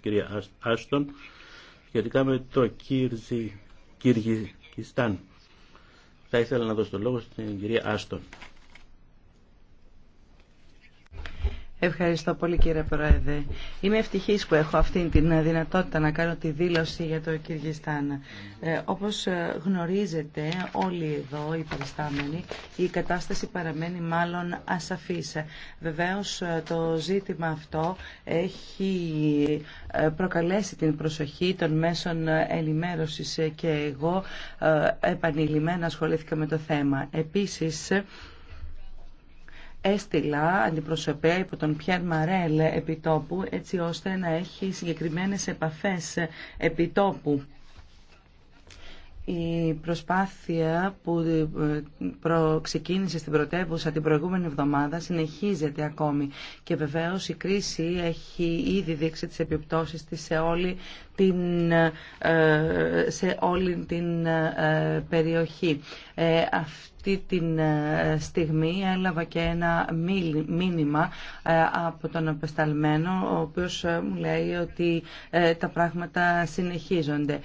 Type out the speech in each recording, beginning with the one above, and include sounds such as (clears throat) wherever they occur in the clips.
κυρία Άστον, σχετικά με το Κυργιστάν. Θα ήθελα να δώσω το λόγο στην κυρία Άστον. Ευχαριστώ πολύ κύριε Πρόεδρε. Είμαι ευτυχής που έχω αυτή την δυνατότητα να κάνω τη δήλωση για το Κυργιστάν. Ε, όπως ε, γνωρίζετε όλοι εδώ οι περιστάμενοι, η κατάσταση παραμένει μάλλον ασαφής. Βεβαίως ε, το ζήτημα αυτό έχει προκαλέσει την προσοχή των μέσων ενημέρωσης και εγώ επανειλημμένα ασχολήθηκα με το θέμα. Επίσης, έστειλα αντιπροσωπέ υπό τον Πιέρ Μαρέλ επιτόπου έτσι ώστε να έχει συγκεκριμένες επαφές επιτόπου. Η προσπάθεια που ε, ξεκίνησε στην πρωτεύουσα την προηγούμενη εβδομάδα συνεχίζεται ακόμη και βεβαίως η κρίση έχει ήδη δείξει τις επιπτώσεις της σε όλη την, ε, σε όλη την ε, περιοχή αυτή τη ε, στιγμή έλαβα και ένα μήνυμα ε, από τον απεσταλμένο, ο οποίος ε, μου λέει ότι τα πράγματα συνεχίζονται.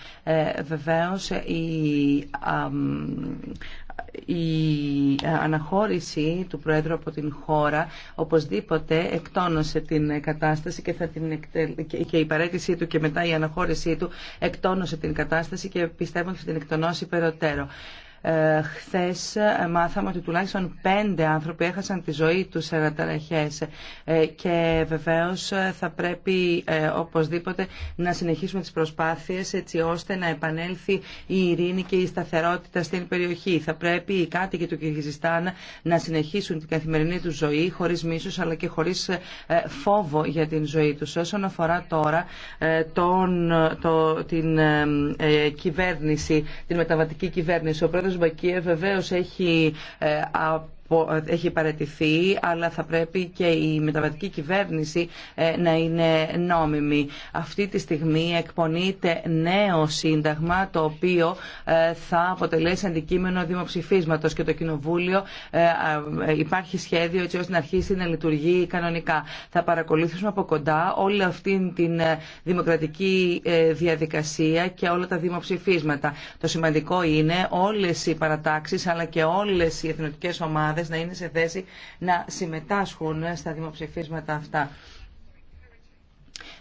Βεβαίως, η η αναχώρηση του Πρόεδρου από την χώρα οπωσδήποτε εκτόνωσε την κατάσταση και, θα την και η παρέτησή του και μετά η αναχώρησή του εκτόνωσε την κατάσταση και πιστεύω ότι θα την εκτονώσει περαιτέρω. Ε, χθες ε, μάθαμε ότι τουλάχιστον πέντε άνθρωποι έχασαν τη ζωή τους σε αναταραχές ε, και βεβαίως θα πρέπει οπωσδήποτε να συνεχίσουμε τις προσπάθειες έτσι ώστε να επανέλθει η ειρήνη και η σταθερότητα στην περιοχή. Θα πρέπει οι κάτοικοι του Κυργιζιστάν να συνεχίσουν την καθημερινή τους ζωή χωρίς μίσους αλλά και χωρίς φόβο για την ζωή τους. Όσον αφορά τώρα τον, το, την κυβέρνηση, την μεταβατική κυβέρνηση, ο κύριος Μπακίε βεβαίως έχει έχει παρατηθεί, αλλά θα πρέπει και η μεταβατική κυβέρνηση ε, να είναι νόμιμη. Αυτή τη στιγμή εκπονείται νέο σύνταγμα, το οποίο ε, θα αποτελέσει αντικείμενο δημοψηφίσματος και το Κοινοβούλιο ε, υπάρχει σχέδιο έτσι ώστε να αρχίσει να λειτουργεί κανονικά. Θα παρακολουθήσουμε από κοντά όλη αυτή την δημοκρατική διαδικασία και όλα τα δημοψηφίσματα. Το σημαντικό είναι όλες οι παρατάξεις αλλά και όλες οι εθνοτικές ομάδες να είναι σε θέση να συμμετάσχουν στα δημοψηφίσματα αυτά.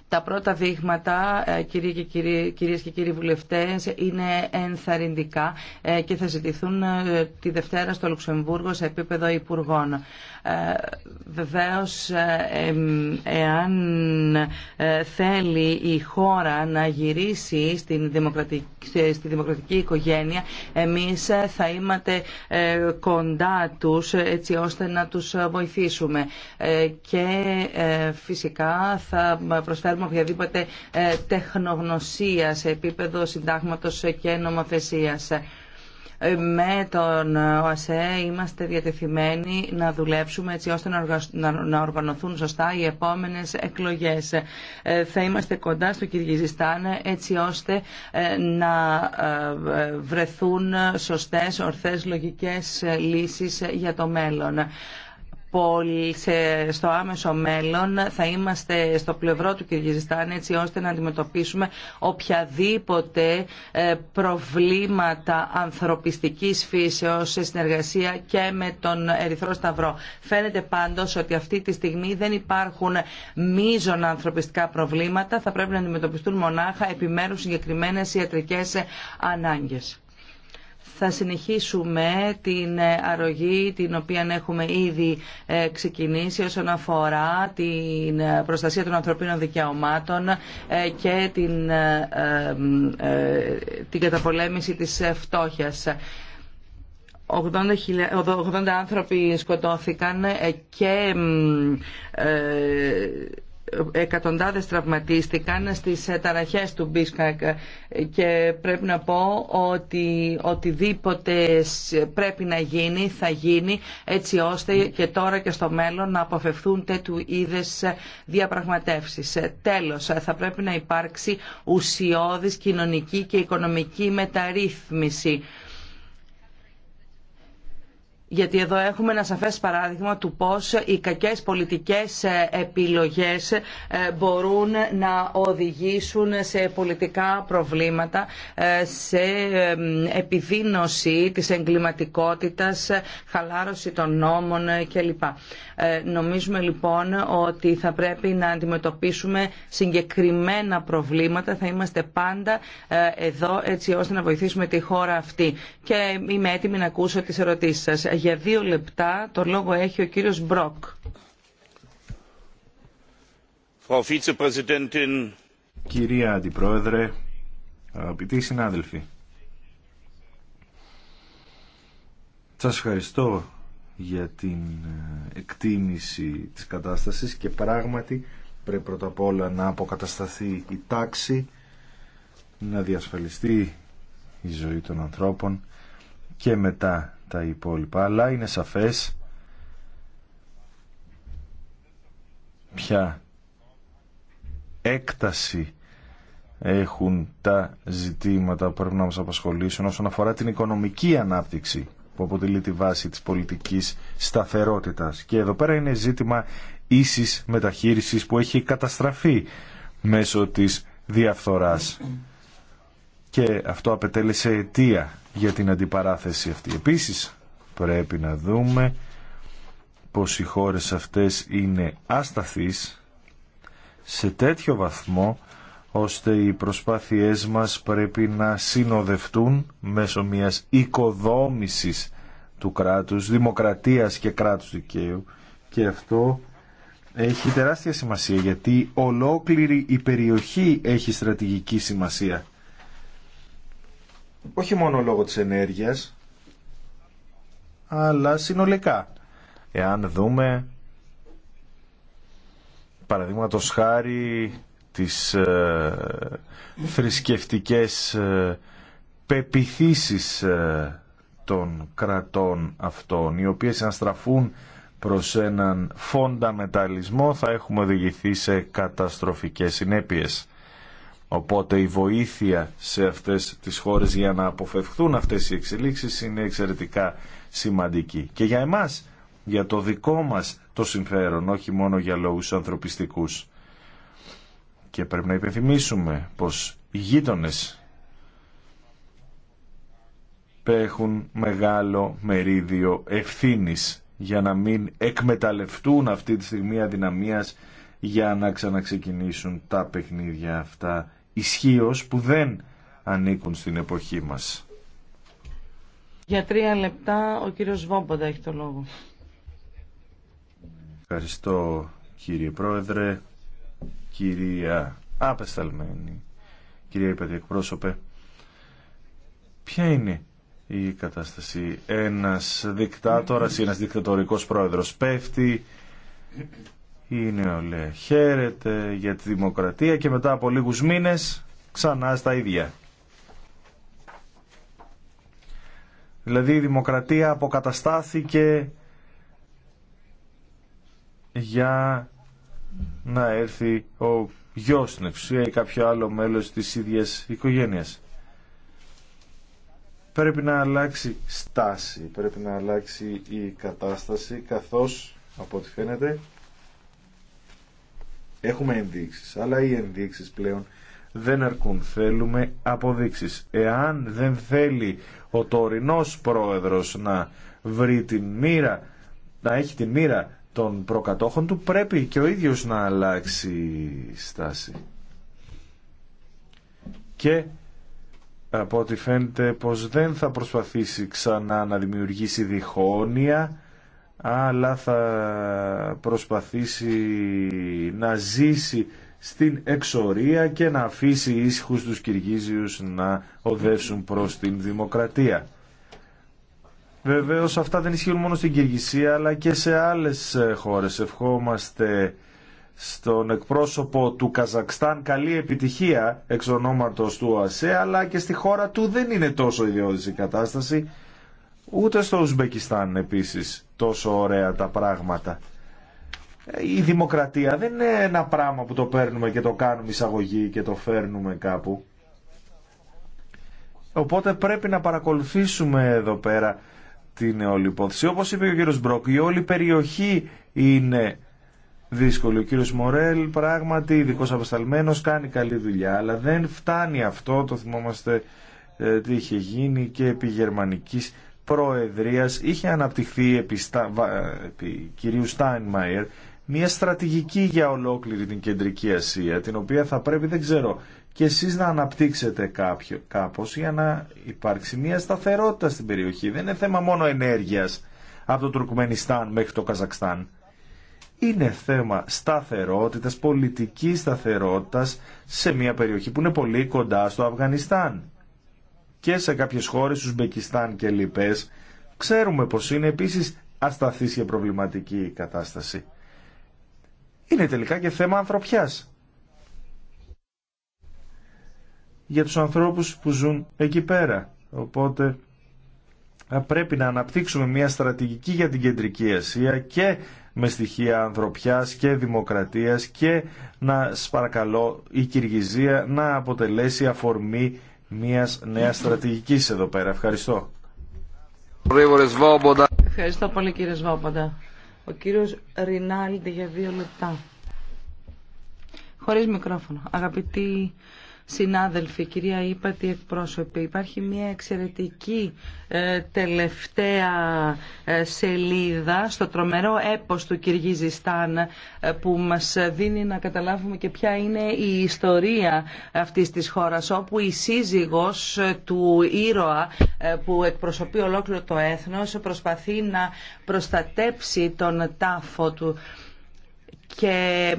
Τα πρώτα δείγματα, κυρίε και κύριοι, κυρίες και κύριοι βουλευτές, είναι ενθαρρυντικά ε, και θα ζητηθούν ε, τη Δευτέρα στο Λουξεμβούργο σε επίπεδο Υπουργών. Βεβαίως, εάν ε, θέλει η χώρα να γυρίσει στην δημοκρατική, στη δημοκρατική οικογένεια, εμείς θα είμαστε ε, κοντά τους έτσι ώστε να τους βοηθήσουμε. Ε, και φυσικά θα προσφέρουμε οποιαδήποτε τεχνογνωσία σε επίπεδο συντάγματος και νομοθεσίας με τον ΟΑΣΕ είμαστε διατεθειμένοι να δουλέψουμε έτσι ώστε να οργανωθούν σωστά οι επόμενες εκλογές. Ε, θα είμαστε κοντά στο Κυργιζιστάν έτσι ώστε ε, να ε, βρεθούν σωστές, ορθές, λογικές λύσεις για το μέλλον στο άμεσο μέλλον θα είμαστε στο πλευρό του Κυργιζιστάν έτσι ώστε να αντιμετωπίσουμε οποιαδήποτε ε, προβλήματα ανθρωπιστικής φύσεως σε συνεργασία και με τον Ερυθρό Σταυρό. Φαίνεται πάντως ότι αυτή τη στιγμή δεν υπάρχουν μείζων ανθρωπιστικά προβλήματα, θα πρέπει να αντιμετωπιστούν μονάχα επιμέρους συγκεκριμένες ιατρικές ανάγκες θα συνεχίσουμε την αρρωγή την οποία έχουμε ήδη ε, ξεκινήσει όσον αφορά την προστασία των ανθρωπίνων δικαιωμάτων ε, και την, ε, την καταπολέμηση της φτώχειας. 80 άνθρωποι σκοτώθηκαν και εκατοντάδες τραυματίστηκαν στις ε, ταραχές του Μπίσκακ και πρέπει να πω ότι οτιδήποτε πρέπει να γίνει θα γίνει έτσι ώστε και τώρα και στο μέλλον να αποφευθούν τέτοιου είδες διαπραγματεύσεις. Τέλος, θα πρέπει να υπάρξει ουσιώδης κοινωνική και οικονομική μεταρρύθμιση γιατί εδώ έχουμε ένα σαφές παράδειγμα του πώς οι κακές πολιτικές ε, επιλογές ε, μπορούν να οδηγήσουν σε πολιτικά προβλήματα, ε, σε επιδείνωση της εγκληματικότητας, χαλάρωση των νόμων κλπ. Νομίζουμε λοιπόν ότι θα πρέπει να αντιμετωπίσουμε συγκεκριμένα προβλήματα, θα είμαστε πάντα εδώ έτσι ώστε να βοηθήσουμε τη χώρα αυτή. Και είμαι έτοιμη να ακούσω τις ερωτήσεις σας για δύο λεπτά το λόγο έχει ο κύριος Μπροκ. Κυρία Αντιπρόεδρε, αγαπητοί συνάδελφοι, σας ευχαριστώ για την ε, εκτίμηση της κατάστασης και πράγματι πρέπει πρώτα απ' όλα να αποκατασταθεί η τάξη, να διασφαλιστεί η ζωή των ανθρώπων και μετά τα υπόλοιπα, αλλά είναι σαφές ποια έκταση έχουν τα ζητήματα που πρέπει να μας απασχολήσουν όσον αφορά την οικονομική ανάπτυξη που αποτελεί τη βάση της πολιτικής σταθερότητας. Και εδώ πέρα είναι ζήτημα ίσης μεταχείρισης που έχει καταστραφεί μέσω της διαφθοράς και αυτό απαιτέλεσε αιτία για την αντιπαράθεση αυτή. Επίσης πρέπει να δούμε πως οι χώρες αυτές είναι άσταθείς σε τέτοιο βαθμό ώστε οι προσπάθειές μας πρέπει να συνοδευτούν μέσω μιας οικοδόμησης του κράτους, δημοκρατίας και κράτους δικαίου και αυτό έχει τεράστια σημασία γιατί ολόκληρη η περιοχή έχει στρατηγική σημασία όχι μόνο λόγω της ενέργειας, αλλά συνολικά. Εάν δούμε, παραδείγματο χάρη, τις ε, θρησκευτικές ε, πεπιθήσεις ε, των κρατών αυτών, οι οποίες στραφούν προς έναν φόντα θα έχουμε οδηγηθεί σε καταστροφικές συνέπειες. Οπότε η βοήθεια σε αυτές τις χώρες για να αποφευχθούν αυτές οι εξελίξεις είναι εξαιρετικά σημαντική. Και για εμάς, για το δικό μας το συμφέρον, όχι μόνο για λόγους ανθρωπιστικούς. Και πρέπει να υπενθυμίσουμε πως οι γείτονες έχουν μεγάλο μερίδιο ευθύνης για να μην εκμεταλλευτούν αυτή τη στιγμή αδυναμίας για να ξαναξεκινήσουν τα παιχνίδια αυτά ισχύω που δεν ανήκουν στην εποχή μας. Για τρία λεπτά ο κύριος Βόμποντα έχει το λόγο. Ευχαριστώ κύριε Πρόεδρε, κυρία Απεσταλμένη, κυρία Υπερδιεκπρόσωπε. Ποια είναι η κατάσταση. Ένας δικτάτορας ή ένας δικτατορικός πρόεδρος πέφτει, η νεολαία χαίρεται για τη δημοκρατία και μετά από λίγους μήνες ξανά στα ίδια. Δηλαδή η δημοκρατία αποκαταστάθηκε για να έρθει ο γιος στην η κατάσταση καθώς από ό,τι φαίνεται Έχουμε ενδείξεις, αλλά οι ενδείξεις πλέον δεν αρκούν. Θέλουμε αποδείξεις. Εάν δεν θέλει ο τωρινός πρόεδρος να βρει την να έχει την μοίρα των προκατόχων του, πρέπει και ο ίδιος να αλλάξει στάση. Και από ό,τι φαίνεται πως δεν θα προσπαθήσει ξανά να δημιουργήσει διχόνοια αλλά θα προσπαθήσει να ζήσει στην εξορία και να αφήσει ήσυχους τους Κυργίζιους να οδεύσουν προς την δημοκρατία. Βεβαίως αυτά δεν ισχύουν μόνο στην Κυργισία αλλά και σε άλλες χώρες. Ευχόμαστε στον εκπρόσωπο του Καζακστάν καλή επιτυχία εξ του ΟΑΣΕ αλλά και στη χώρα του δεν είναι τόσο ιδιώδης η κατάσταση Ούτε στο Ουσμπεκιστάν επίσης τόσο ωραία τα πράγματα. Η δημοκρατία δεν είναι ένα πράγμα που το παίρνουμε και το κάνουμε εισαγωγή και το φέρνουμε κάπου. Οπότε πρέπει να παρακολουθήσουμε εδώ πέρα την όλη υπόθεση. Όπως είπε ο κύριος Μπρόκ, η όλη περιοχή είναι δύσκολη. Ο κύριος Μορέλ πράγματι ειδικό απεσταλμένος κάνει καλή δουλειά, αλλά δεν φτάνει αυτό, το θυμόμαστε ε, τι είχε γίνει και επί γερμανικής Προεδρίας είχε αναπτυχθεί επί, στα, επί κυρίου Στάινμαιρ μια στρατηγική για ολόκληρη την Κεντρική Ασία, την οποία θα πρέπει, δεν ξέρω, και εσείς να αναπτύξετε κάποιο, κάπως για να υπάρξει μια σταθερότητα στην περιοχή. Δεν είναι θέμα μόνο ενέργειας από το Τουρκμενιστάν μέχρι το Καζακστάν. Είναι θέμα σταθερότητας, πολιτικής σταθερότητας σε μια περιοχή που είναι πολύ κοντά στο Αφγανιστάν και σε κάποιες χώρες, Μπεκιστάν και λοιπές, ξέρουμε πως είναι επίσης ασταθής και προβληματική η κατάσταση. Είναι τελικά και θέμα ανθρωπιάς. Για τους ανθρώπους που ζουν εκεί πέρα. Οπότε πρέπει να αναπτύξουμε μια στρατηγική για την Κεντρική Ασία και με στοιχεία ανθρωπιάς και δημοκρατίας και να σπαρακαλώ παρακαλώ η Κυργυζία να αποτελέσει αφορμή Μία νέα στρατηγική εδώ πέρα. Ευχαριστώ. Ευχαριστώ πολύ κύριε Σβόμποντα. Ο κύριος Ρινάλντι για δύο λεπτά. Χωρίς μικρόφωνο. Αγαπητοί Συνάδελφοι, κυρία Ήπατη εκπρόσωπη, υπάρχει μια εξαιρετική ε, τελευταία ε, σελίδα στο τρομερό έπος του Κυργιζιστάν ε, που μας δίνει να καταλάβουμε και ποια είναι η ιστορία αυτής της χώρας όπου η σύζυγος του ήρωα που εκπροσωπεί ολόκληρο το έθνος προσπαθεί να προστατέψει τον τάφο του και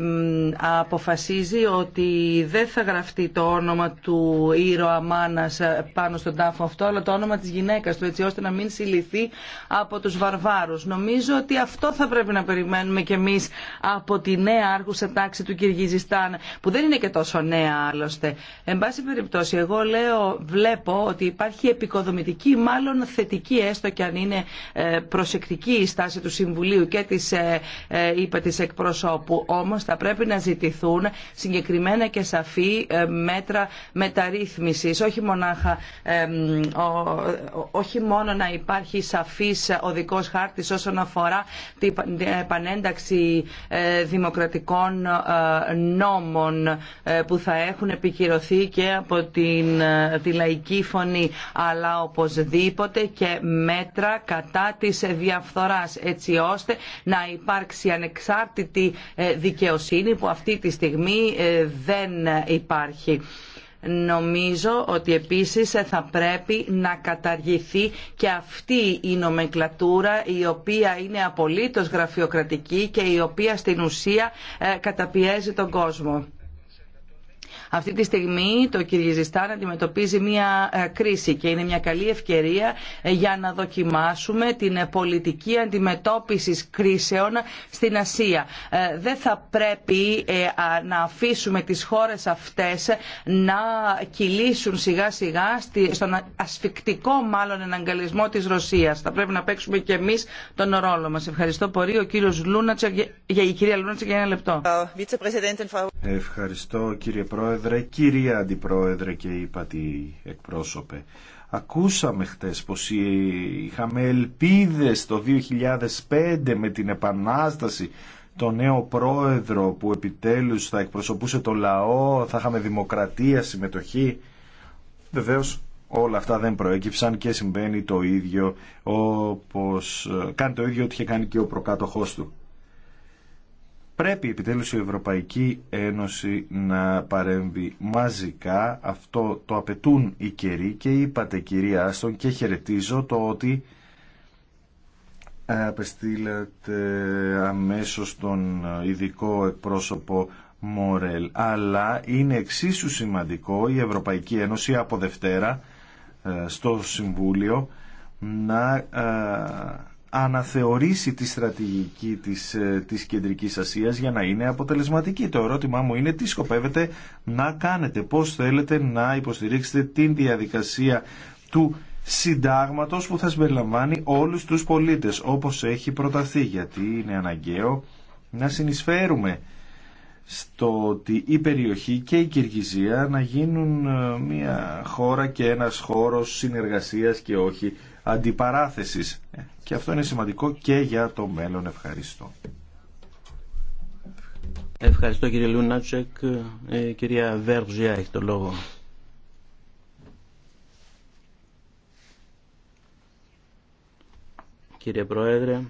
αποφασίζει ότι δεν θα γραφτεί το όνομα του ήρωα μάνας ε, πάνω στον τάφο αυτό αλλά το όνομα της γυναίκας του έτσι ώστε να μην συλληθεί από τους βαρβάρους. Νομίζω ότι αυτό θα πρέπει να περιμένουμε κι εμείς από τη νέα άρχουσα τάξη του Κυργιζιστάν που δεν είναι και τόσο νέα άλλωστε. Εν πάση περιπτώσει εγώ λέω, βλέπω ότι υπάρχει επικοδομητική μάλλον θετική έστω και αν είναι ε, προσεκτική η στάση του Συμβουλίου και της, ε, είπα, της εκπροσώπου που όμως θα πρέπει να ζητηθούν συγκεκριμένα και σαφή ε, μέτρα μεταρρύθμισης. Όχι, όχι μόνο να υπάρχει σαφής οδικός χάρτης όσον αφορά την επανένταξη ε, δημοκρατικών ε, νόμων που θα έχουν επικυρωθεί και από την, τη λαϊκή φωνή αλλά οπωσδήποτε και μέτρα κατά της διαφθοράς έτσι ώστε να υπάρξει ανεξάρτητη ε, δικαιοσύνη που αυτή τη στιγμή ε, δεν υπάρχει. Νομίζω ότι επίσης θα πρέπει να καταργηθεί και αυτή η νομεκλατούρα η οποία είναι απολύτως γραφειοκρατική και η οποία στην ουσία ε, καταπιέζει τον κόσμο. Αυτή τη στιγμή το Κυργιζιστάν αντιμετωπίζει μια ε, κρίση και είναι μια καλή ευκαιρία ε, για να δοκιμάσουμε την ε, πολιτική αντιμετώπιση κρίσεων στην Ασία. Δεν θα πρέπει να αφήσουμε τις χώρες αυτές να κυλήσουν σιγά σιγά στον ασφικτικό μάλλον εναγκαλισμό της Ρωσίας. Θα πρέπει να παίξουμε και εμείς τον ρόλο μας. Ευχαριστώ πολύ. Ο κύριος Λούνατσα, για η κυρία Λούνατσα για ένα λεπτό. Ευχαριστώ κύριε Πρόεδρε Πρόεδρε, κυρία Αντιπρόεδρε και τι εκπρόσωπε. Ακούσαμε χτες πως είχαμε ελπίδες το 2005 με την Επανάσταση το νέο πρόεδρο που επιτέλους θα εκπροσωπούσε το λαό, θα είχαμε δημοκρατία, συμμετοχή. Βεβαίως όλα αυτά δεν προέκυψαν και συμβαίνει το ίδιο όπως κάνει το ίδιο ότι είχε κάνει και ο προκάτοχός του. Πρέπει επιτέλους η Ευρωπαϊκή Ένωση να παρέμβει μαζικά. Αυτό το απαιτούν οι καιροί και είπατε κυρία Άστον και χαιρετίζω το ότι ε, απεστήλατε αμέσως τον ειδικό εκπρόσωπο Μορέλ. Αλλά είναι εξίσου σημαντικό η Ευρωπαϊκή Ένωση από Δευτέρα ε, στο Συμβούλιο να ε, αναθεωρήσει τη στρατηγική της, ε, της Κεντρικής Ασίας για να είναι αποτελεσματική. Το ερώτημά μου είναι τι σκοπεύετε να κάνετε, πώς θέλετε να υποστηρίξετε την διαδικασία του συντάγματος που θα συμπεριλαμβάνει όλους τους πολίτες όπως έχει προταθεί γιατί είναι αναγκαίο να συνεισφέρουμε στο ότι η περιοχή και η Κυργυζία να γίνουν ε, μια χώρα και ένας χώρος συνεργασίας και όχι αντιπαράθεσης. Ε, και αυτό είναι σημαντικό και για το μέλλον. Ευχαριστώ. Ευχαριστώ κύριε Λουνάτσεκ. Ε, κυρία Βέρζια έχει το λόγο. Κύριε Πρόεδρε,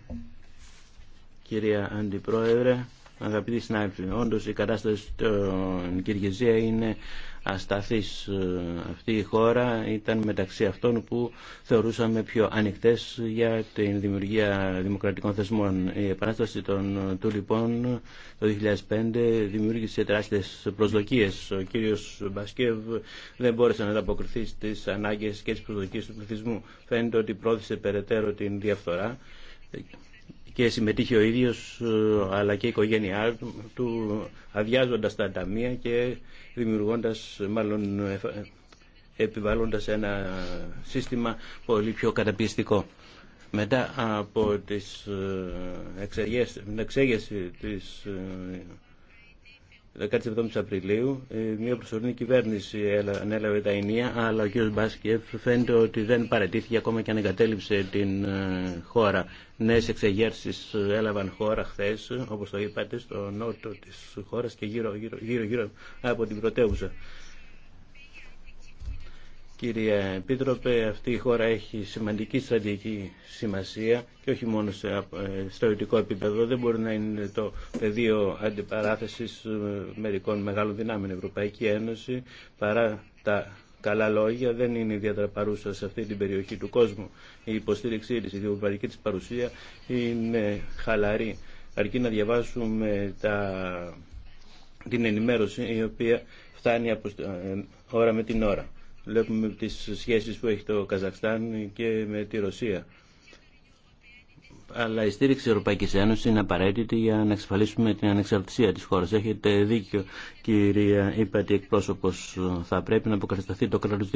κυρία Αντιπρόεδρε, αγαπητοί συνάδελφοι, όντως η κατάσταση στην Κυριαζία είναι ασταθής. Ε, αυτή η χώρα ήταν μεταξύ αυτών που θεωρούσαμε πιο ανοιχτές για την δημιουργία δημοκρατικών θεσμών. Η επανάσταση των, του λοιπόν το 2005 δημιούργησε τεράστιες προσδοκίες. Ο κύριος Μπασκεύ δεν μπόρεσε να ανταποκριθεί στις ανάγκες και τις προσδοκίες του πληθυσμού. Φαίνεται ότι πρόθεσε περαιτέρω την διαφθορά και συμμετείχε ο ίδιος ε, αλλά και η οικογένειά του αδειάζοντας τα ταμεία και δημιουργώντας μάλλον επιβάλλοντας ένα σύστημα πολύ πιο καταπιστικό. Μετά από τις ε, εξέγεση της ε, 17 Απριλίου ε, μια προσωρινή κυβέρνηση ανέλαβε τα ενία, αλλά ο κ. Μπάσκεφ φαίνεται ότι δεν παρετήθηκε ακόμα και αν εγκατέλειψε την ε, χώρα. Νέε εξεγέρσει έλαβαν χώρα χθε, όπω το είπατε, στο νότο τη χώρα και γύρω-γύρω από την πρωτεύουσα. Κύριε Επίτροπε, αυτή η χώρα έχει σημαντική στρατηγική σημασία και όχι μόνο σε, ε, στο επίπεδο. Δεν μπορεί να είναι το πεδίο αντιπαράθεσης ε, μερικών μεγάλων δυνάμεων. Η Ευρωπαϊκή Ένωση, παρά τα καλά λόγια, δεν είναι ιδιαίτερα παρούσα σε αυτή την περιοχή του κόσμου. Η υποστήριξή της, η διευρωπαϊκή της παρουσία είναι χαλαρή. Αρκεί να διαβάσουμε τα... την ενημέρωση η οποία φτάνει από... Ε, ώρα με την ώρα βλέπουμε τις σχέσεις που έχει το Καζακστάν και με τη Ρωσία. Αλλά η στήριξη της Ευρωπαϊκής Ένωσης είναι απαραίτητη για να εξασφαλίσουμε την ανεξαρτησία της χώρας. Έχετε δίκιο, κυρία είπατε εκπρόσωπος. Θα πρέπει να αποκατασταθεί το κράτος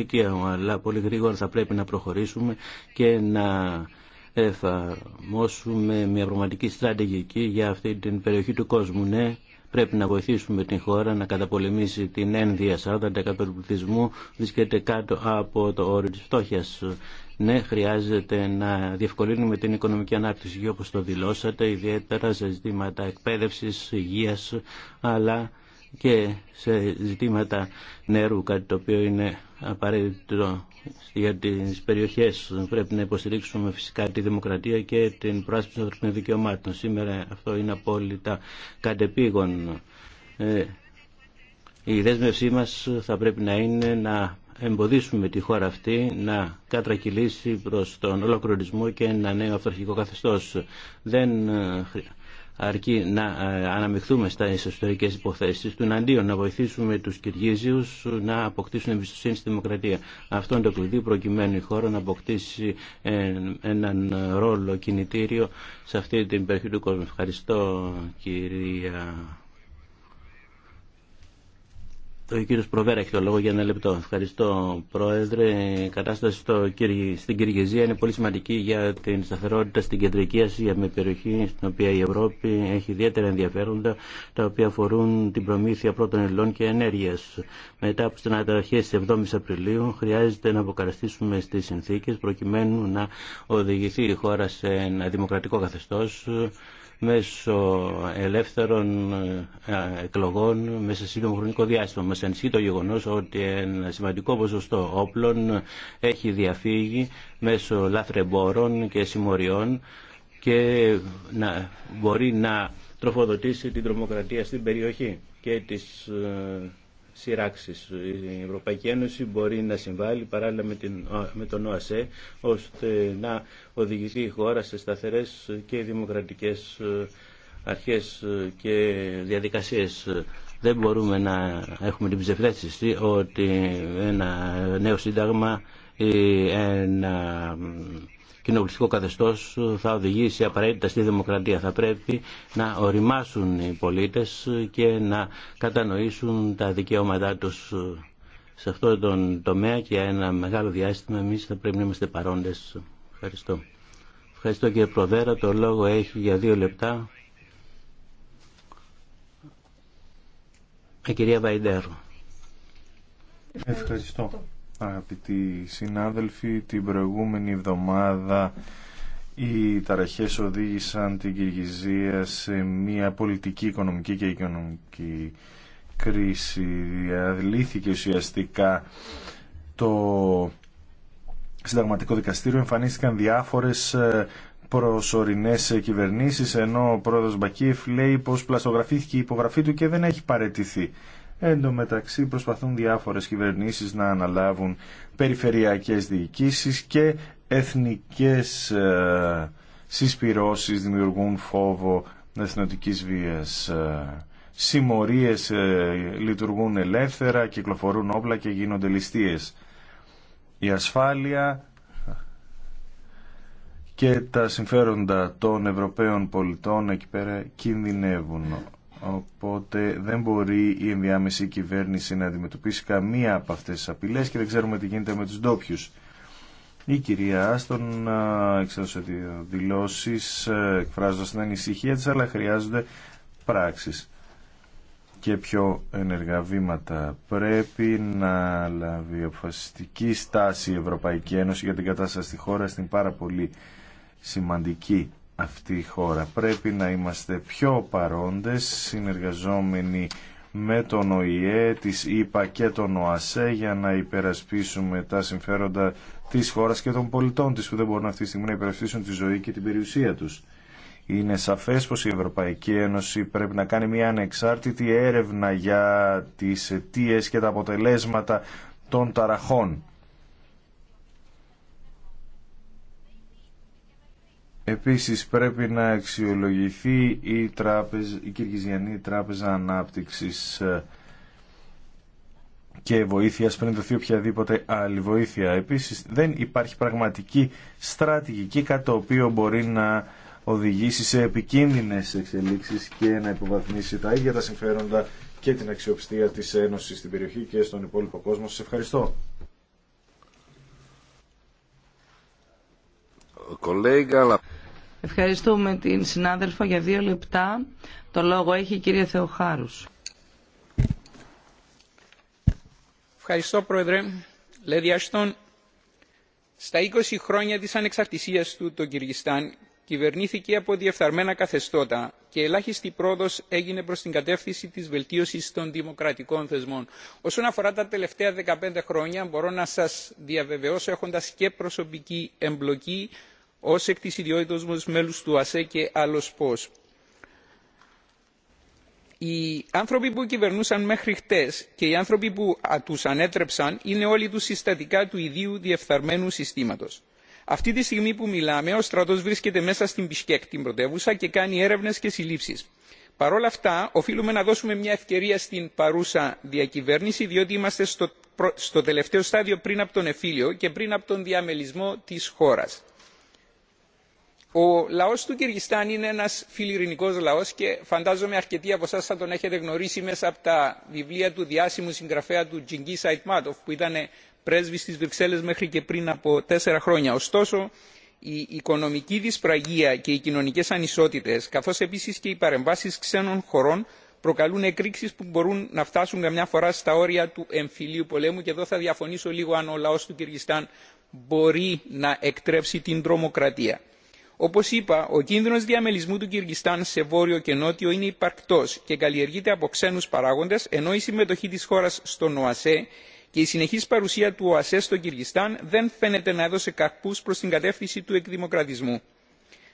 αλλά πολύ γρήγορα θα πρέπει να προχωρήσουμε και να εφαρμόσουμε μια πραγματική στρατηγική για αυτή την περιοχή του κόσμου. Ναι, Πρέπει να βοηθήσουμε την χώρα να καταπολεμήσει την ένδυα. 40% του πληθυσμού βρίσκεται κάτω από το όριο της φτώχειας. Ναι, χρειάζεται να διευκολύνουμε την οικονομική ανάπτυξη και όπως το δηλώσατε, ιδιαίτερα σε ζητήματα εκπαίδευσης, υγείας, αλλά και σε ζητήματα νερού, κάτι το οποίο είναι απαραίτητο για τις περιοχές. Πρέπει να υποστηρίξουμε φυσικά τη δημοκρατία και την πράσπιση των ανθρωπίνων δικαιωμάτων. Σήμερα αυτό είναι απόλυτα κατεπήγον. Ε, η δέσμευσή μας θα πρέπει να είναι να εμποδίσουμε τη χώρα αυτή να κατρακυλήσει προς τον ολοκληρωτισμό και ένα νέο αυτορχικό καθεστώς. Δεν ε, αρκεί να ε, αναμειχθούμε στα εσωτερικέ υποθέσει του, εναντίον να βοηθήσουμε του Κυργίζιου να αποκτήσουν εμπιστοσύνη στη δημοκρατία. Αυτό είναι το κλειδί προκειμένου η χώρα να αποκτήσει ε, έναν ρόλο κινητήριο σε αυτή την περιοχή του κόσμου. Ευχαριστώ, κυρία ο κύριος Προβέρα έχει το λόγο για ένα λεπτό. Ευχαριστώ Πρόεδρε. Η κατάσταση στο, στην Κυριαζία είναι πολύ σημαντική για την σταθερότητα στην Κεντρική Ασία με περιοχή στην οποία η Ευρώπη έχει ιδιαίτερα ενδιαφέροντα τα οποία αφορούν την προμήθεια πρώτων υλών και ενέργεια. Μετά από την αρχέ τη 7 η Απριλίου χρειάζεται να αποκαταστήσουμε στις συνθηκε προκειμένου να οδηγηθεί η χώρα σε ένα δημοκρατικό καθεστώ μέσω ελεύθερων ε, εκλογών μέσα σε σύντομο χρονικό διάστημα. Μας ενισχύει το γεγονός ότι ένα σημαντικό ποσοστό όπλων έχει διαφύγει μέσω λαθρεμπόρων και συμμοριών και να, μπορεί να τροφοδοτήσει την τρομοκρατία στην περιοχή και τις ε, η Ευρωπαϊκή Ένωση μπορεί να συμβάλλει παράλληλα με, την, με τον ΟΑΣΕ ώστε να οδηγηθεί η χώρα σε σταθερές και δημοκρατικές ε, αρχές ε, και διαδικασίες. Δεν μπορούμε να έχουμε την ψευδέστηση ότι ένα νέο σύνταγμα ή ένα κοινοβουλευτικό καθεστώ θα οδηγήσει απαραίτητα στη δημοκρατία. Θα πρέπει να οριμάσουν οι πολίτες και να κατανοήσουν τα δικαιώματά τους σε αυτό τον τομέα και για ένα μεγάλο διάστημα εμεί θα πρέπει να είμαστε παρόντες. Ευχαριστώ. Ευχαριστώ κύριε Προδέρα. Το λόγο έχει για δύο λεπτά η κυρία Βαϊντέρου. Ευχαριστώ. Αγαπητοί συνάδελφοι, την προηγούμενη εβδομάδα οι ταραχές οδήγησαν την Κυργιζία σε μια πολιτική, οικονομική και οικονομική κρίση. Διαδλήθηκε ουσιαστικά το συνταγματικό δικαστήριο, εμφανίστηκαν διάφορες ε, προσωρινές κυβερνήσεις, ενώ ο πρόεδρος Μπακίεφ λέει πως πλαστογραφήθηκε η υπογραφή του και δεν έχει παρετηθεί. Εν τω μεταξύ προσπαθούν διάφορες κυβερνήσεις να αναλάβουν περιφερειακές διοικήσεις και εθνικές ε, συσπυρώσεις δημιουργούν φόβο εθνοτικής βίας. Ε, συμμορίες ε, λειτουργούν ελεύθερα, κυκλοφορούν όπλα και γίνονται ληστείες. Η ασφάλεια και τα συμφέροντα των Ευρωπαίων πολιτών εκεί πέρα κινδυνεύουν. Οπότε δεν μπορεί η ενδιάμεση κυβέρνηση να αντιμετωπίσει καμία από αυτές τις απειλές και δεν ξέρουμε τι γίνεται με τους ντόπιου. Η κυρία Άστον εξέδωσε δηλώσεις εκφράζοντας την ανησυχία της αλλά χρειάζονται πράξεις και πιο ενεργά βήματα. Πρέπει να λάβει αποφασιστική στάση η Ευρωπαϊκή Ένωση για την κατάσταση στη χώρα στην πάρα πολύ σημαντική αυτή η χώρα. Πρέπει να είμαστε πιο παρόντες, συνεργαζόμενοι με τον ΟΗΕ, της ΗΠΑ και τον ΟΑΣΕ για να υπερασπίσουμε τα συμφέροντα της χώρας και των πολιτών της που δεν μπορούν αυτή τη στιγμή να υπερασπίσουν τη ζωή και την περιουσία τους. Είναι σαφές πως η Ευρωπαϊκή Ένωση πρέπει να κάνει μια ανεξάρτητη έρευνα για τις αιτίε και τα αποτελέσματα των ταραχών Επίσης πρέπει να αξιολογηθεί η, τράπεζα, η Κυργιζιανή Τράπεζα Ανάπτυξης ε, και βοήθεια πριν δοθεί οποιαδήποτε άλλη βοήθεια. Επίσης δεν υπάρχει πραγματική στρατηγική κατά το οποίο μπορεί να οδηγήσει σε επικίνδυνες εξελίξεις και να υποβαθμίσει τα ίδια τα συμφέροντα και την αξιοπιστία της Ένωσης στην περιοχή και στον υπόλοιπο κόσμο. Σας ευχαριστώ. Ευχαριστούμε την συνάδελφο για δύο λεπτά. Το λόγο έχει η κυρία Θεοχάρους. Ευχαριστώ Πρόεδρε. Λέδι Αστόν, στα 20 χρόνια της ανεξαρτησίας του το Κυργιστάν κυβερνήθηκε από διεφθαρμένα καθεστώτα και ελάχιστη πρόοδο έγινε προς την κατεύθυνση της βελτίωσης των δημοκρατικών θεσμών. Όσον αφορά τα τελευταία 15 χρόνια, μπορώ να σα διαβεβαιώσω έχοντας και προσωπική εμπλοκή ω εκ τη ιδιότητας μου του ΑΣΕ και άλλο πώ. Οι άνθρωποι που κυβερνούσαν μέχρι χτέ, και οι άνθρωποι που του ανέτρεψαν είναι όλοι του συστατικά του ιδίου διεφθαρμένου συστήματο. Αυτή τη στιγμή που μιλάμε, ο στρατό βρίσκεται μέσα στην Πισκέκ, την πρωτεύουσα, και κάνει έρευνε και συλλήψει. Παρ' όλα αυτά, οφείλουμε να δώσουμε μια ευκαιρία στην παρούσα διακυβέρνηση, διότι είμαστε στο, τελευταίο στάδιο πριν από τον εφήλιο και πριν από τον διαμελισμό τη χώρα ο λαό του Κυργιστάν είναι ένα φιλιρινικός λαό και φαντάζομαι αρκετοί από εσά θα τον έχετε γνωρίσει μέσα από τα βιβλία του διάσημου συγγραφέα του Τζιγκί Αϊτμάτοφ που ήταν πρέσβη στι Βρυξέλλε μέχρι και πριν από τέσσερα χρόνια. Ωστόσο, η οικονομική δυσπραγία και οι κοινωνικέ ανισότητε, καθώ επίση και οι παρεμβάσει ξένων χωρών προκαλούν εκρήξει που μπορούν να φτάσουν καμιά φορά στα όρια του εμφυλίου πολέμου και εδώ θα διαφωνήσω λίγο αν ο λαό του Κυργιστάν μπορεί να εκτρέψει την τρομοκρατία όπως είπα ο κίνδυνος διαμελισμού του κυργιστάν σε βόρειο και νότιο είναι υπαρκτός και καλλιεργείται από ξένους παράγοντες ενώ η συμμετοχή της χώρας στον οασε και η συνεχής παρουσία του οασε στο κυργιστάν δεν φαίνεται να έδωσε καρπούς προς την κατεύθυνση του εκδημοκρατισμού.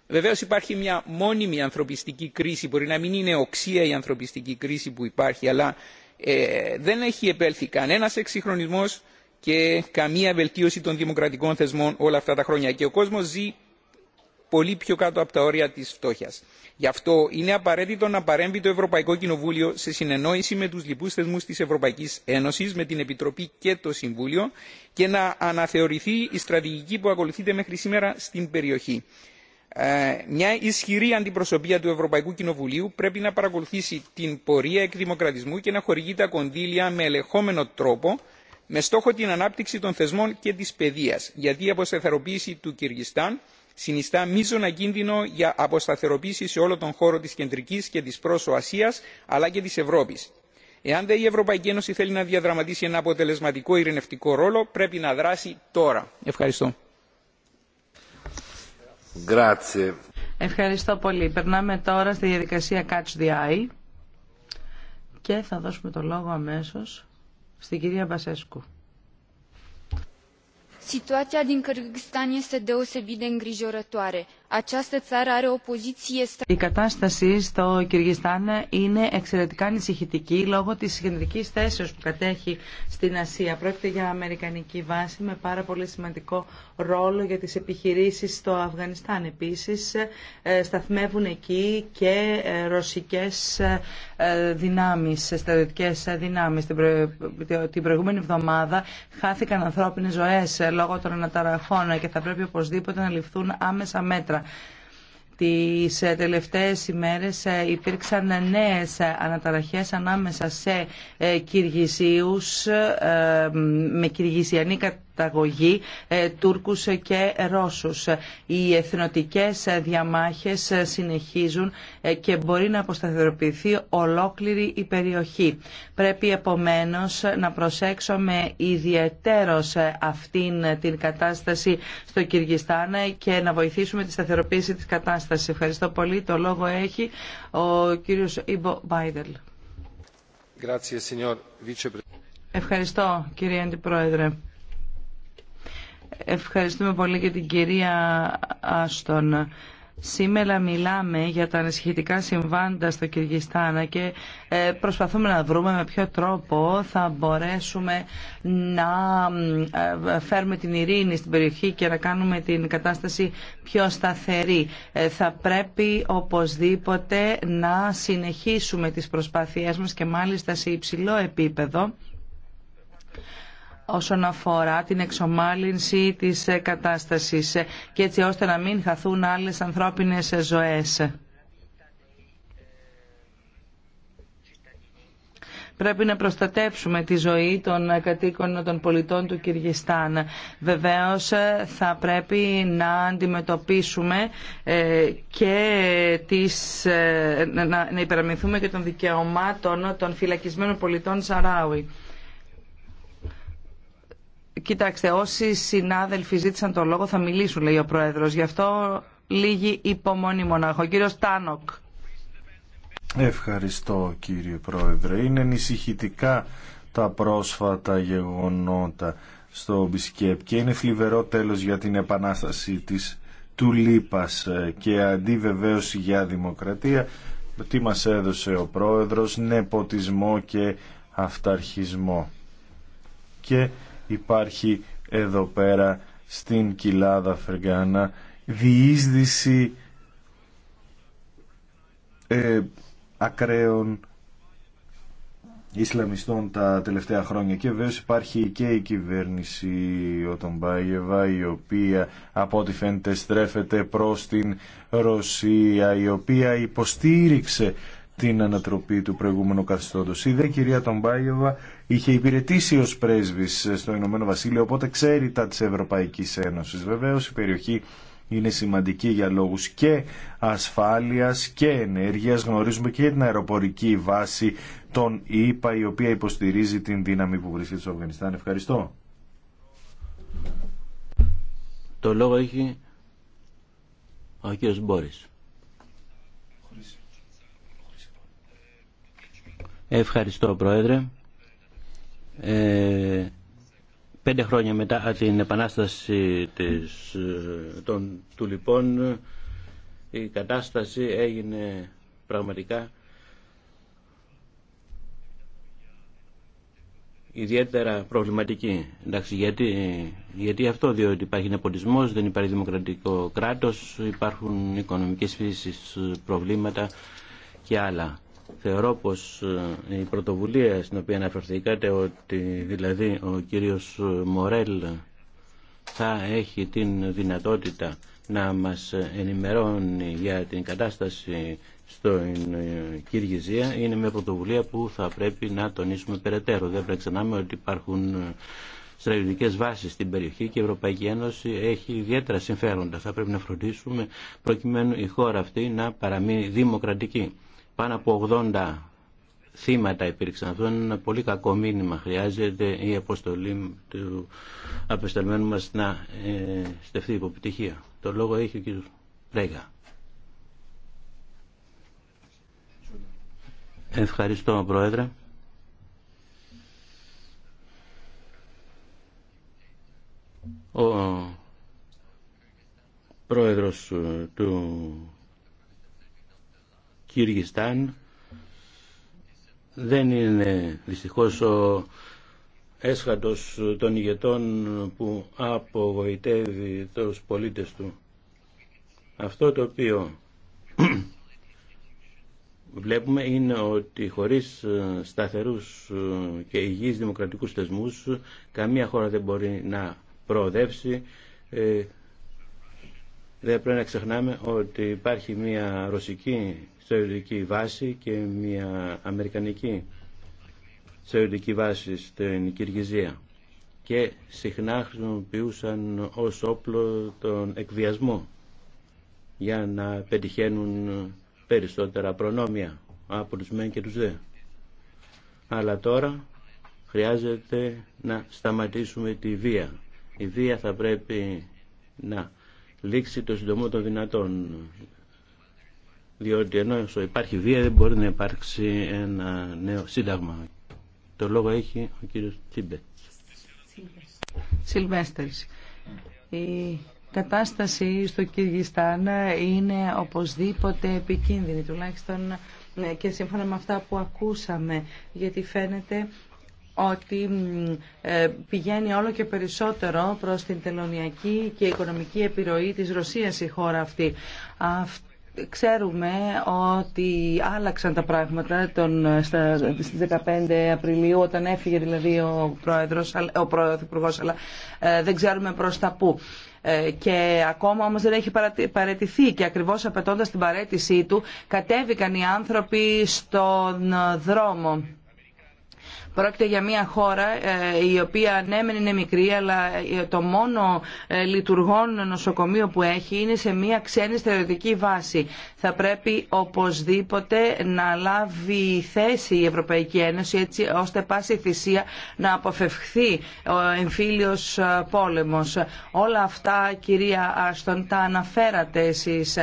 βεβαίως υπάρχει μια μόνιμη ανθρωπιστική κρίση μπορεί να μην είναι οξία η ανθρωπιστική κρίση που υπάρχει αλλά ε, δεν έχει επέλθει κανένας εξυγχρονισμός και καμία βελτίωση των δημοκρατικών θεσμών όλα αυτά τα χρόνια και ο κόσμος ζει πολύ πιο κάτω από τα όρια τη φτώχεια. γι' αυτό είναι απαραίτητο να παρέμβει το ευρωπαϊκό κοινοβούλιο σε συνεννόηση με του λοιπού θεσμού τη Ευρωπαϊκή Ένωση, με την επιτροπή και το συμβούλιο και να αναθεωρηθεί η στρατηγική που ακολουθείται μέχρι σήμερα στην περιοχή. Ε, μια ισχυρή αντιπροσωπεία του ευρωπαϊκού κοινοβουλίου πρέπει να παρακολουθήσει την πορεία εκδημοκρατισμού και να χορηγεί τα κονδύλια με ελεγχόμενο τρόπο με στόχο την ανάπτυξη των θεσμών και τη παιδείας γιατί η αποσταθεροποίηση του κυργιστάν συνιστά μείζωνα κίνδυνο για αποσταθεροποίηση σε όλο τον χώρο τη Κεντρική και τη πρόσω Ασία αλλά και τη Ευρώπη. εάν δε η ευρωπαϊκή ένωση θέλει να διαδραματίσει ένα αποτελεσματικό ειρηνευτικό ρόλο πρέπει να δράσει τώρα. ευχαριστώ. Ευχαριστώ πολύ. Περνάμε τώρα στη διαδικασία Catch the Eye και θα δώσουμε το λόγο αμέσως στην κυρία Μπασέσκου η κατάσταση στο Κυργιστάν είναι εξαιρετικά ανησυχητική λόγω της γεννητική θέσεως που κατέχει στην Ασία. Πρόκειται για αμερικανική βάση με πάρα πολύ σημαντικό ρόλο για τις επιχειρήσεις στο Αφγανιστάν. Επίσης ε, σταθμεύουν εκεί και ε, ρωσικές ε, δυνάμεις, στρατιωτικέ δυνάμεις. Την προηγούμενη εβδομάδα χάθηκαν ανθρώπινε ζωέ λόγω των αναταραχών και θα πρέπει οπωσδήποτε να ληφθούν άμεσα μέτρα. Τις ε, τελευταίες ημέρες ε, υπήρξαν ε, νέες αναταραχές ανάμεσα σε Κυργισίους με Κυργισιανή κατάσταση καταγωγή ε, Τούρκους και Ρώσους. Οι εθνοτικές διαμάχες συνεχίζουν ε, και μπορεί να αποσταθεροποιηθεί ολόκληρη η περιοχή. Πρέπει επομένως να προσέξουμε ιδιαιτέρως ε, αυτήν την κατάσταση στο Κυργιστάν και να βοηθήσουμε τη σταθεροποίηση της κατάστασης. Ευχαριστώ πολύ. Το λόγο έχει ο κύριος Ιμπο Μπάιντελ. Ευχαριστώ κύριε Αντιπρόεδρε. Ευχαριστούμε πολύ και την κυρία Άστον. Σήμερα μιλάμε για τα ανησυχητικά συμβάντα στο Κυργιστάνα και ε, προσπαθούμε να βρούμε με ποιο τρόπο θα μπορέσουμε να ε, φέρουμε την ειρήνη στην περιοχή και να κάνουμε την κατάσταση πιο σταθερή. Ε, θα πρέπει οπωσδήποτε να συνεχίσουμε τις προσπάθειές μας και μάλιστα σε υψηλό επίπεδο όσον αφορά την εξομάλυνση της ε, κατάστασης ε, και έτσι ώστε να μην χαθούν άλλες ανθρώπινες ε, ζωές. πρέπει να προστατέψουμε τη ζωή των κατοίκων των πολιτών του Κυργιστάν. Βεβαίως θα πρέπει να αντιμετωπίσουμε και τις, να υπεραμεινθούμε και των δικαιωμάτων των φυλακισμένων πολιτών Σαράουι. Κοιτάξτε, όσοι συνάδελφοι ζήτησαν το λόγο θα μιλήσουν, λέει ο Πρόεδρος. Γι' αυτό λίγη υπομονή μονάχο. Ο κύριος Τάνοκ. Ευχαριστώ κύριε Πρόεδρε. Είναι ανησυχητικά τα πρόσφατα γεγονότα στο Μπισκέπ και είναι θλιβερό τέλος για την επανάσταση της του Λίπας και αντί βεβαίως για δημοκρατία τι μας έδωσε ο πρόεδρος νεποτισμό και αυταρχισμό υπάρχει εδώ πέρα στην κοιλάδα Φεργάνα διείσδυση ε, ακραίων Ισλαμιστών τα τελευταία χρόνια και βέβαια υπάρχει και η κυβέρνηση ο Τονπάγεβα, η οποία από ό,τι φαίνεται στρέφεται προς την Ρωσία η οποία υποστήριξε την ανατροπή του προηγούμενου καθεστώτος. Η δε κυρία Τομπάγεβα είχε υπηρετήσει ως πρέσβης στο Ηνωμένο Βασίλειο, οπότε ξέρει τα της Ευρωπαϊκής Ένωσης. Βεβαίως η περιοχή είναι σημαντική για λόγους και ασφάλειας και ενέργειας. Γνωρίζουμε και την αεροπορική βάση των ΙΠΑ, η οποία υποστηρίζει την δύναμη που βρίσκεται στο Αφγανιστάν. Ευχαριστώ. Το λόγο έχει ο κύριος Μπόρης. Ευχαριστώ Πρόεδρε. Ε, πέντε χρόνια μετά την επανάσταση της, ε, των, του λοιπόν η κατάσταση έγινε πραγματικά ιδιαίτερα προβληματική. Εντάξει, γιατί, αυτό, διότι υπάρχει νεποντισμό, δεν υπάρχει δημοκρατικό κράτος, υπάρχουν οικονομικές φύσει, προβλήματα και άλλα. Θεωρώ πως ε, η πρωτοβουλία στην οποία αναφερθήκατε ότι δηλαδή ο κύριος Μορέλ θα έχει την δυνατότητα να μας ενημερώνει για την κατάσταση στο ε, Κυργυζία είναι μια πρωτοβουλία που θα πρέπει να τονίσουμε περαιτέρω. Δεν πρέπει να ξεχνάμε ότι υπάρχουν ε, στρατιωτικές βάσεις στην περιοχή και η Ευρωπαϊκή Ένωση έχει ιδιαίτερα συμφέροντα. Θα πρέπει να φροντίσουμε προκειμένου η χώρα αυτή να παραμείνει δημοκρατική. Πάνω από 80 θύματα υπήρξαν. Αυτό είναι ένα πολύ κακό μήνυμα. Χρειάζεται η αποστολή του απεσταλμένου μας να ε, στεφθεί υπό Το λόγο έχει ο κ. Πρέγα. Ευχαριστώ, Πρόεδρε. Ο πρόεδρος του Κυργιστάν δεν είναι δυστυχώς ο έσχατος των ηγετών που απογοητεύει τους πολίτες του. Αυτό το οποίο (clears throat) βλέπουμε είναι ότι χωρίς σταθερούς και υγιείς δημοκρατικούς θεσμούς καμία χώρα δεν μπορεί να προοδεύσει ε, δεν πρέπει να ξεχνάμε ότι υπάρχει μια ρωσική στρατιωτική βάση και μια αμερικανική στρατιωτική βάση στην Κυργιζία και συχνά χρησιμοποιούσαν ως όπλο τον εκβιασμό για να πετυχαίνουν περισσότερα προνόμια από τους μεν και τους δε. Αλλά τώρα χρειάζεται να σταματήσουμε τη βία. Η βία θα πρέπει να λήξει το συντομό των δυνατών. Διότι ενώ υπάρχει βία δεν μπορεί να υπάρξει ένα νέο σύνταγμα. Το λόγο έχει ο κύριος Τσίμπετ. Σιλβέστερς. Η κατάσταση στο Κυργιστάν είναι οπωσδήποτε επικίνδυνη, τουλάχιστον ε, και σύμφωνα με αυτά που ακούσαμε, γιατί φαίνεται ότι ε, πηγαίνει όλο και περισσότερο προς την τελωνιακή και οικονομική επιρροή της Ρωσίας η χώρα αυτή. Ξέρουμε ότι άλλαξαν τα πράγματα τον, στα, στις 15 Απριλίου όταν έφυγε δηλαδή ο, πρόεδρος, ο Πρωθυπουργός αλλά ε, δεν ξέρουμε προς τα πού ε, και ακόμα όμως δεν έχει παρετηθεί και ακριβώς απαιτώντας την παρέτησή του κατέβηκαν οι άνθρωποι στον δρόμο. Πρόκειται για μια χώρα ε, η οποία ναι, μεν είναι μικρή, αλλά ε, το μόνο ε, λειτουργών νοσοκομείο που έχει είναι σε μια ξένη στερεωτική βάση. Θα πρέπει οπωσδήποτε να λάβει θέση η Ευρωπαϊκή Ένωση έτσι ώστε πάση θυσία να αποφευχθεί ο εμφύλιος πόλεμος. Όλα αυτά κυρία Άστον τα αναφέρατε εσείς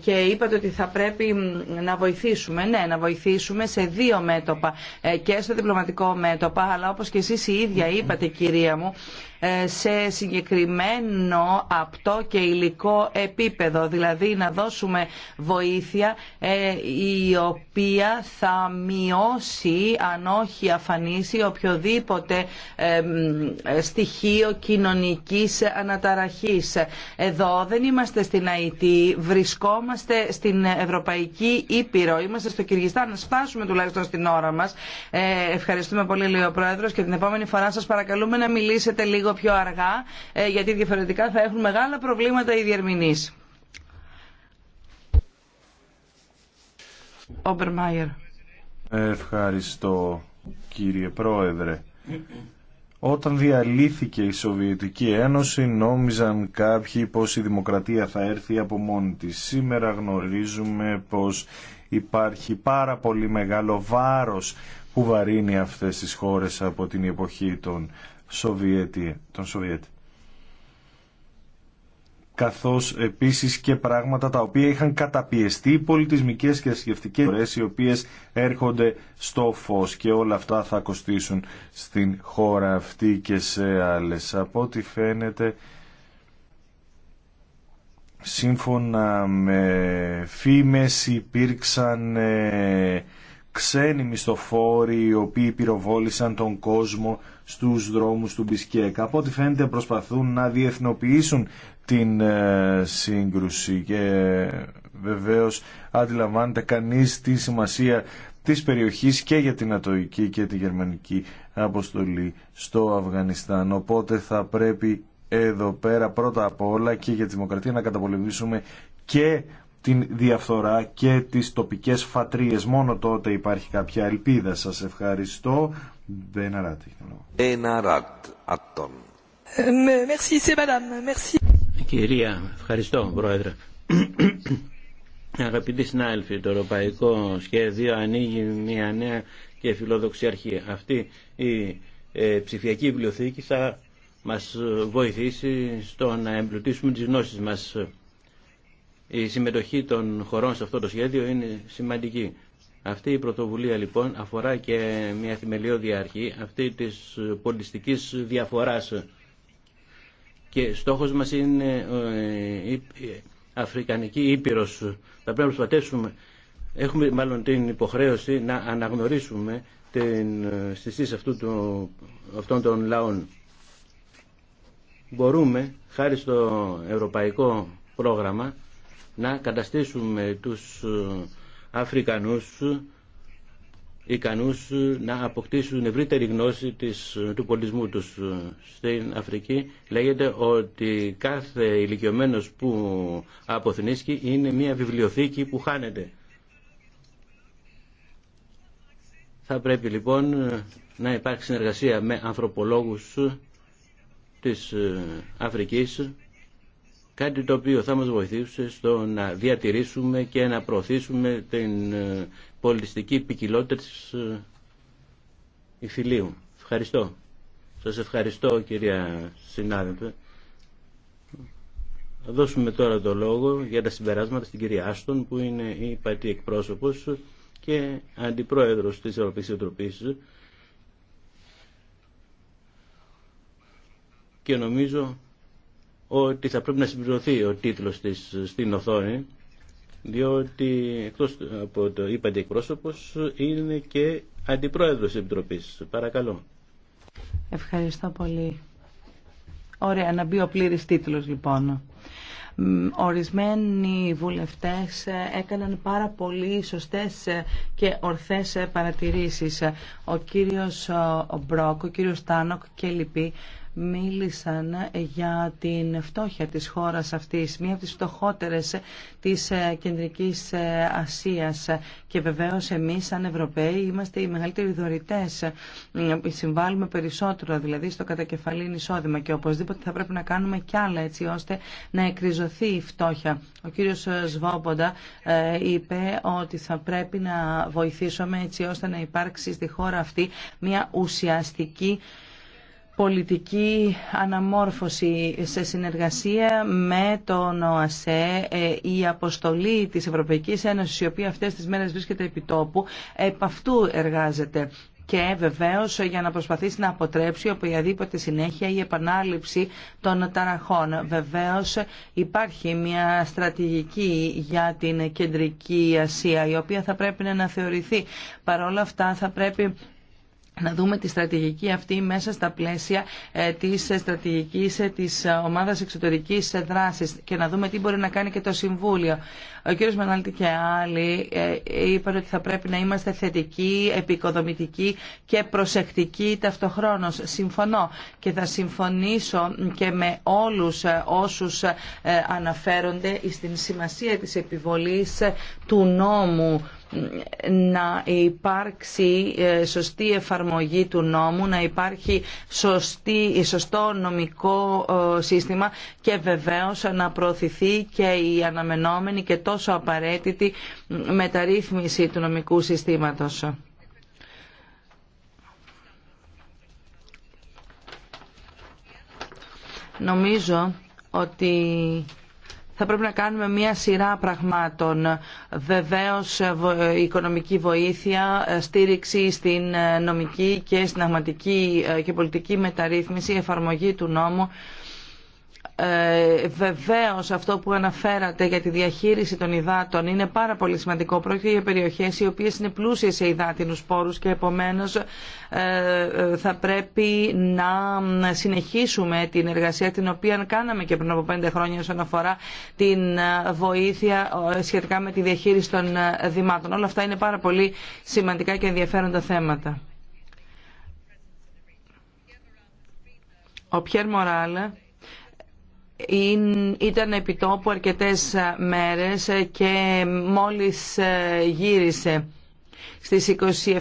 και είπατε ότι θα πρέπει να βοηθήσουμε. Ναι, να βοηθήσουμε σε δύο μέτωπα και στο διπλωματικό με μέτωπα, αλλά όπως και εσείς η ίδια είπατε κυρία μου, ε, σε συγκεκριμένο απτό και υλικό επίπεδο, δηλαδή να δώσουμε βοήθεια ε, η οποία θα μειώσει, αν όχι αφανίσει, οποιοδήποτε στοιχείο κοινωνικής αναταραχής. Εδώ δεν είμαστε στην ΑΕΤ, βρισκόμαστε στην Ευρωπαϊκή Ήπειρο, είμαστε στο Κυργιστάν, να σπάσουμε τουλάχιστον στην ώρα μας. Ε, ευχαριστώ. Ευχαριστούμε πολύ, λέει ο και την επόμενη φορά σα παρακαλούμε να μιλήσετε λίγο πιο αργά, ε, γιατί διαφορετικά θα έχουν μεγάλα προβλήματα οι διερμηνείς. Ευχαριστώ, κύριε Πρόεδρε. Όταν διαλύθηκε η Σοβιετική Ένωση νόμιζαν κάποιοι πως η δημοκρατία θα έρθει από μόνη της. Σήμερα γνωρίζουμε πως υπάρχει πάρα πολύ μεγάλο βάρος που βαρύνει αυτές τις χώρες από την εποχή των Σοβιέτη, των Σοβιέτ. Καθώς επίσης και πράγματα τα οποία είχαν καταπιεστεί πολιτισμικές και σκεφτικές φορές οι οποίες έρχονται στο φως και όλα αυτά θα κοστίσουν στην χώρα αυτή και σε άλλες. Από ό,τι φαίνεται σύμφωνα με φήμες υπήρξαν ξένοι μισθοφόροι οι οποίοι πυροβόλησαν τον κόσμο στους δρόμους του Μπισκέκ. Από ό,τι φαίνεται προσπαθούν να διεθνοποιήσουν την ε, σύγκρουση και βεβαίως αντιλαμβάνεται κανείς τη σημασία της περιοχής και για την ατοική και τη γερμανική αποστολή στο Αφγανιστάν. Οπότε θα πρέπει εδώ πέρα πρώτα απ' όλα και για τη δημοκρατία να καταπολεμήσουμε και την διαφθορά και τις τοπικές φατρίες. Μόνο τότε υπάρχει κάποια ελπίδα. Σας ευχαριστώ. Μπέναράτ. Μπέναράτ. Ε, Κυρία, ευχαριστώ Πρόεδρε. (clears throat) Αγαπητοί συνάδελφοι, το ευρωπαϊκό σχέδιο ανοίγει μια νέα και φιλόδοξη αρχή. Αυτή η ε, ψηφιακή βιβλιοθήκη θα μας βοηθήσει στο να εμπλουτίσουμε τις γνώσεις μας η συμμετοχή των χωρών σε αυτό το σχέδιο είναι σημαντική. Αυτή η πρωτοβουλία λοιπόν αφορά και μια θεμελιώδη αρχή αυτή της πολιτιστικής διαφοράς και στόχος μας είναι ε, η Αφρικανική Ήπειρος. Θα πρέπει να προσπαθήσουμε, έχουμε μάλλον την υποχρέωση να αναγνωρίσουμε την συστήση ε, αυτού του, αυτών των λαών. Μπορούμε, χάρη στο ευρωπαϊκό πρόγραμμα, να καταστήσουμε τους ε, Αφρικανούς ε, ικανούς ε, να αποκτήσουν ευρύτερη γνώση της, του πολιτισμού τους στην Αφρική. Λέγεται ότι κάθε ηλικιωμένος που αποθνίσκει είναι μια βιβλιοθήκη που χάνεται. Θα πρέπει λοιπόν να υπάρξει συνεργασία με ανθρωπολόγους της Αφρικής κάτι το οποίο θα μας βοηθήσει στο να διατηρήσουμε και να προωθήσουμε την ε, πολιτιστική ποικιλότητα της ε, Ιφιλίου. Ευχαριστώ. Σας ευχαριστώ κυρία συνάδελφε. Θα δώσουμε τώρα το λόγο για τα συμπεράσματα στην κυρία Άστον που είναι η πατή εκπρόσωπος και αντιπρόεδρος της Ευρωπαϊκής Επιτροπής και νομίζω ότι θα πρέπει να συμπληρωθεί ο τίτλος της στην οθόνη διότι εκτός από το είπατε εκπρόσωπος είναι και αντιπρόεδρος της Επιτροπής. Παρακαλώ. Ευχαριστώ πολύ. Ωραία, να μπει ο πλήρης τίτλος λοιπόν. Ορισμένοι βουλευτές έκαναν πάρα πολύ σωστές και ορθές παρατηρήσεις. Ο κύριος Μπρόκ, ο κύριος Τάνοκ και λοιποί μίλησαν για την φτώχεια της χώρας αυτής, μία από τις φτωχότερες της ε, Κεντρικής ε, Ασίας. Και βεβαίως εμείς σαν Ευρωπαίοι είμαστε οι μεγαλύτεροι δωρητές. Ε, συμβάλλουμε περισσότερο δηλαδή στο κατακεφαλήν εισόδημα και οπωσδήποτε θα πρέπει να κάνουμε κι άλλα έτσι ώστε να εκριζωθεί η φτώχεια. Ο κύριος Σβόποντα είπε ότι θα πρέπει να βοηθήσουμε έτσι ώστε να υπάρξει στη χώρα αυτή μια ουσιαστική πολιτική αναμόρφωση σε συνεργασία με τον ΟΑΣΕ ε, η αποστολή της Ευρωπαϊκής Ένωσης η οποία αυτές τις μέρες βρίσκεται επί τόπου επ' αυτού εργάζεται και βεβαίω για να προσπαθήσει να αποτρέψει οποιαδήποτε συνέχεια ή επανάληψη των ταραχών. Βεβαίω υπάρχει μια στρατηγική για την Κεντρική Ασία η οποία θα πρέπει να θεωρηθεί. Παρ' όλα αυτά θα πρέπει να δούμε τη στρατηγική αυτή μέσα στα πλαίσια ε, της στρατηγικής ε, της ομάδας εξωτερικής δράσης και να δούμε τι μπορεί να κάνει και το Συμβούλιο. Ο κύριος Μανάλτη και άλλοι ε, είπαν ότι θα πρέπει να είμαστε θετικοί, επικοδομητικοί και προσεκτικοί ταυτοχρόνως. Συμφωνώ και θα συμφωνήσω και με όλους όσους αναφέρονται στην σημασία της επιβολής του νόμου να υπάρξει ε, σωστή εφαρμογή του νόμου, να υπάρχει σωστό νομικό ε, σύστημα και βεβαίως να προωθηθεί και η αναμενόμενη και τόσο απαραίτητη μεταρρύθμιση του νομικού συστήματος. Νομίζω ότι θα πρέπει να κάνουμε μία σειρά πραγμάτων. Βεβαίως ε, οικονομική βοήθεια, ε, στήριξη στην ε, νομική και συνταγματική και πολιτική μεταρρύθμιση, εφαρμογή του νόμου ε, βεβαίως αυτό που αναφέρατε για τη διαχείριση των υδάτων είναι πάρα πολύ σημαντικό. Πρόκειται για περιοχές οι οποίες είναι πλούσιες σε υδάτινους πόρους και επομένως ε, θα πρέπει να συνεχίσουμε την εργασία την οποία κάναμε και πριν από πέντε χρόνια όσον αφορά την βοήθεια ε, σχετικά με τη διαχείριση των ε, δημάτων. Όλα αυτά είναι πάρα πολύ σημαντικά και ενδιαφέροντα θέματα. Ο Πιέρ Μοράλε ήταν επιτόπου αρκετές μέρες και μόλις ε, γύρισε. Στις 27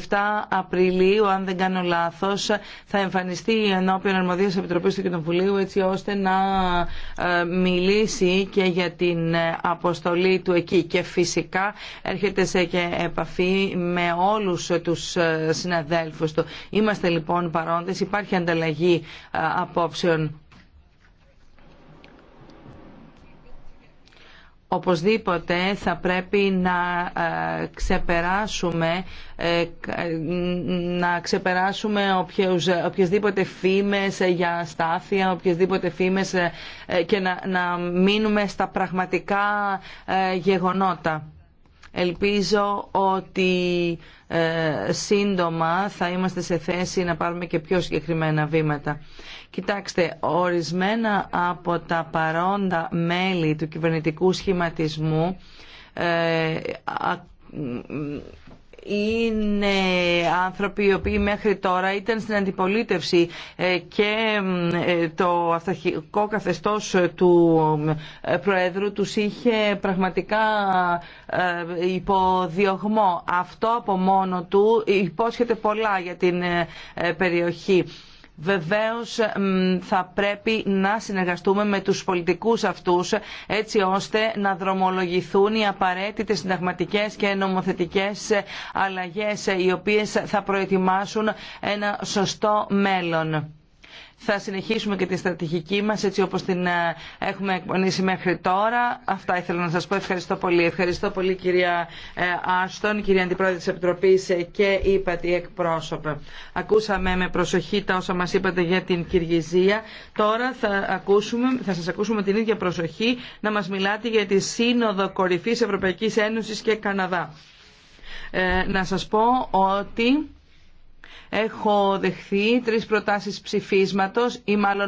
Απριλίου, αν δεν κάνω λάθος, θα εμφανιστεί η ενώπιον αρμοδίας Επιτροπής του Κοινοβουλίου έτσι ώστε να ε, μιλήσει και για την ε, αποστολή του εκεί. Και φυσικά έρχεται σε και επαφή με όλους τους συναδέλφους του. Είμαστε λοιπόν παρόντες, υπάρχει ανταλλαγή απόψεων. Οπωσδήποτε θα πρέπει να ε, ξεπεράσουμε ε, ε, να ξεπεράσουμε οποιασδήποτε φήμες για αστάθεια, οποιασδήποτε φήμες και να, να μείνουμε στα πραγματικά γεγονότα. Ελπίζω ότι ε, σύντομα θα είμαστε σε θέση να πάρουμε και πιο συγκεκριμένα βήματα. Κοιτάξτε, ορισμένα από τα παρόντα μέλη του κυβερνητικού σχηματισμού ε, είναι άνθρωποι οι οποίοι μέχρι τώρα ήταν στην αντιπολίτευση ε, και ε, το αυταρχικό καθεστώς του ε, Προέδρου τους είχε πραγματικά υποδιωγμό. Αυτό από μόνο του υπόσχεται πολλά για την περιοχή. Βεβαίως θα πρέπει να συνεργαστούμε με τους πολιτικούς αυτούς έτσι ώστε να δρομολογηθούν οι απαραίτητες συνταγματικές και νομοθετικές αλλαγές οι οποίες θα προετοιμάσουν ένα σωστό μέλλον. Θα συνεχίσουμε και τη στρατηγική μας έτσι όπως την ε, έχουμε εκπονήσει μέχρι τώρα. Αυτά ήθελα να σας πω. Ευχαριστώ πολύ. Ευχαριστώ πολύ κυρία ε, Άστον, κυρία Αντιπρόεδρε της Επιτροπής ε, και τη εκπρόσωπε. Ακούσαμε με προσοχή τα όσα μας είπατε για την Κυργυζία. Τώρα θα, ακούσουμε, θα σας ακούσουμε την ίδια προσοχή να μας μιλάτε για τη Σύνοδο Κορυφής Ευρωπαϊκής Ένωσης και Καναδά. Ε, να σας πω ότι Έχω δεχθεί τρεις προτάσεις ψηφίσματος ή μάλλον